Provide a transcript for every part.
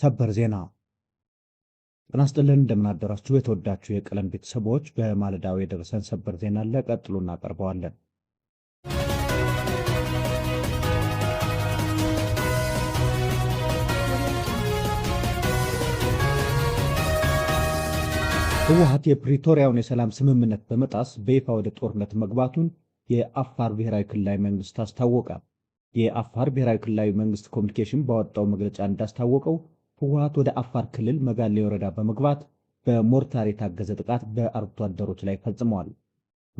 ሰበር ዜና ጤና እንደምናደራችሁ የተወዳችሁ የቀለም ቤተሰቦች፣ በማለዳው የደረሰን ሰበር ዜና ቀጥሎ እናቀርበዋለን። ህወሀት የፕሪቶሪያውን የሰላም ስምምነት በመጣስ በይፋ ወደ ጦርነት መግባቱን የአፋር ብሔራዊ ክልላዊ መንግስት አስታወቀ። የአፋር ብሔራዊ ክልላዊ መንግስት ኮሚኒኬሽን ባወጣው መግለጫ እንዳስታወቀው ህወሀት ወደ አፋር ክልል መጋሌ ወረዳ በመግባት በሞርታር የታገዘ ጥቃት በአርብቶ አደሮች ላይ ፈጽመዋል።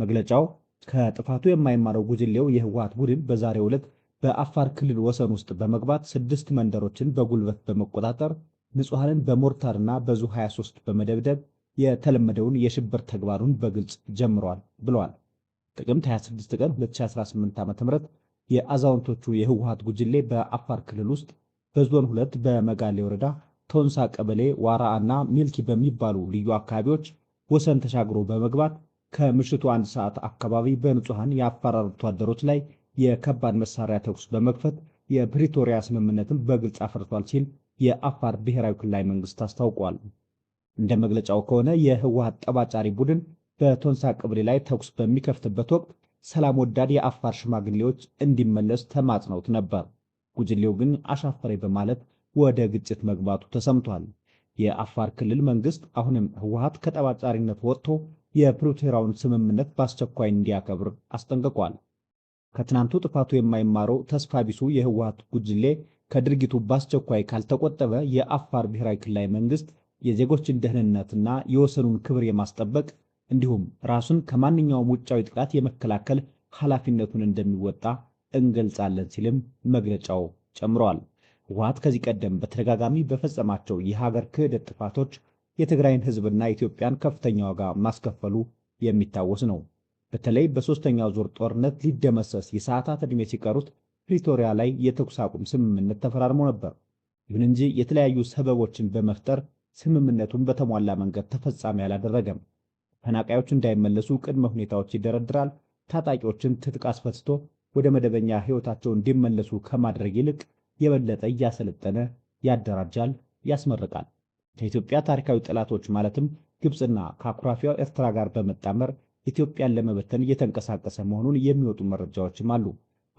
መግለጫው ከጥፋቱ የማይማረው ጉጅሌው የህወሀት ቡድን በዛሬው ዕለት በአፋር ክልል ወሰን ውስጥ በመግባት ስድስት መንደሮችን በጉልበት በመቆጣጠር ንጹሐንን በሞርታርና በዙ 23 በመደብደብ የተለመደውን የሽብር ተግባሩን በግልጽ ጀምሯል ብለዋል። ጥቅምት 26 ቀን 2018 ዓ.ም የአዛውንቶቹ የህወሀት ጉጅሌ በአፋር ክልል ውስጥ በዞን ሁለት በመጋሌ ወረዳ ቶንሳ ቀበሌ ዋራ እና ሚልኪ በሚባሉ ልዩ አካባቢዎች ወሰን ተሻግሮ በመግባት ከምሽቱ አንድ ሰዓት አካባቢ በንጹሐን የአፈራር ወታደሮች ላይ የከባድ መሳሪያ ተኩስ በመክፈት የፕሪቶሪያ ስምምነትን በግልጽ አፍርቷል ሲል የአፋር ብሔራዊ ክልላዊ መንግስት አስታውቋል። እንደ መግለጫው ከሆነ የህወሀት ጠባጫሪ ቡድን በቶንሳ ቀበሌ ላይ ተኩስ በሚከፍትበት ወቅት ሰላም ወዳድ የአፋር ሽማግሌዎች እንዲመለስ ተማጽነውት ነበር። ጉጅሌው ግን አሻፈሬ በማለት ወደ ግጭት መግባቱ ተሰምቷል። የአፋር ክልል መንግስት አሁንም ህወሀት ከጠባጫሪነት ወጥቶ የፕሪቶሪያውን ስምምነት በአስቸኳይ እንዲያከብር አስጠንቅቋል። ከትናንቱ ጥፋቱ የማይማረው ተስፋ ቢሱ የህወሀት ጉጅሌ ከድርጊቱ በአስቸኳይ ካልተቆጠበ የአፋር ብሔራዊ ክልላዊ መንግስት የዜጎችን ደህንነትና የወሰኑን ክብር የማስጠበቅ እንዲሁም ራሱን ከማንኛውም ውጫዊ ጥቃት የመከላከል ኃላፊነቱን እንደሚወጣ እንገልጻለን ሲልም መግለጫው ጨምሯል። ህወሓት ከዚህ ቀደም በተደጋጋሚ በፈጸማቸው የሀገር ክህደት ጥፋቶች የትግራይን ህዝብና ኢትዮጵያን ከፍተኛ ዋጋ ማስከፈሉ የሚታወስ ነው። በተለይ በሦስተኛው ዙር ጦርነት ሊደመሰስ የሰዓታት ዕድሜ ሲቀሩት ፕሪቶሪያ ላይ የተኩስ አቁም ስምምነት ተፈራርሞ ነበር። ይሁን እንጂ የተለያዩ ሰበቦችን በመፍጠር ስምምነቱን በተሟላ መንገድ ተፈጻሚ አላደረገም። ተፈናቃዮች እንዳይመለሱ ቅድመ ሁኔታዎች ይደረድራል። ታጣቂዎችን ትጥቅ አስፈትቶ ወደ መደበኛ ሕይወታቸው እንዲመለሱ ከማድረግ ይልቅ የበለጠ እያሰለጠነ ያደራጃል፣ ያስመርቃል። ከኢትዮጵያ ታሪካዊ ጠላቶች ማለትም ግብፅና ከአኩራፊያው ኤርትራ ጋር በመጣመር ኢትዮጵያን ለመበተን እየተንቀሳቀሰ መሆኑን የሚወጡ መረጃዎችም አሉ።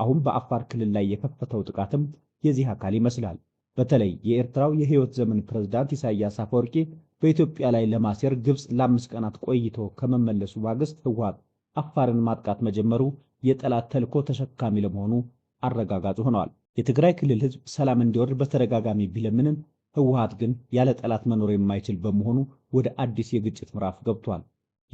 አሁን በአፋር ክልል ላይ የከፈተው ጥቃትም የዚህ አካል ይመስላል። በተለይ የኤርትራው የሕይወት ዘመን ፕሬዝዳንት ኢሳያስ አፈወርቂ በኢትዮጵያ ላይ ለማሴር ግብፅ ለአምስት ቀናት ቆይቶ ከመመለሱ ማግስት ህወሓት አፋርን ማጥቃት መጀመሩ የጠላት ተልኮ ተሸካሚ ለመሆኑ አረጋጋጭ ሆነዋል። የትግራይ ክልል ህዝብ ሰላም እንዲወርድ በተደጋጋሚ ቢለምንም ህወሀት ግን ያለ ጠላት መኖር የማይችል በመሆኑ ወደ አዲስ የግጭት ምዕራፍ ገብቷል።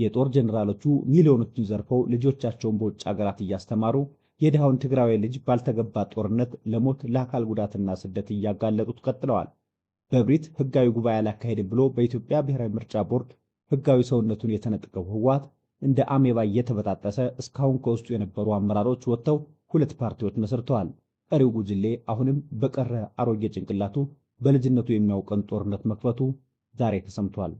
የጦር ጀኔራሎቹ ሚሊዮኖችን ዘርፈው ልጆቻቸውን በውጭ አገራት እያስተማሩ የድሃውን ትግራዊ ልጅ ባልተገባ ጦርነት ለሞት ለአካል ጉዳትና ስደት እያጋለጡት ቀጥለዋል። በብሪት ህጋዊ ጉባኤ አላካሄድም ብሎ በኢትዮጵያ ብሔራዊ ምርጫ ቦርድ ህጋዊ ሰውነቱን የተነጠቀው ህወሓት እንደ አሜባ እየተበጣጠሰ እስካሁን ከውስጡ የነበሩ አመራሮች ወጥተው ሁለት ፓርቲዎች መስርተዋል። ቀሪው ጉጅሌ አሁንም በቀረ አሮጌ ጭንቅላቱ በልጅነቱ የሚያውቀን ጦርነት መክፈቱ ዛሬ ተሰምቷል።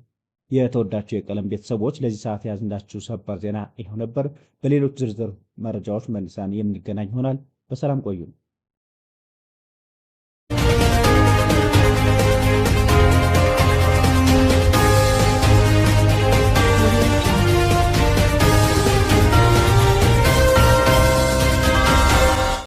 የተወዳቸው የቀለም ቤተሰቦች ለዚህ ሰዓት ያዝንዳችሁ ሰበር ዜና ይኸው ነበር። በሌሎች ዝርዝር መረጃዎች መልሳን የምንገናኝ ይሆናል። በሰላም ቆዩ።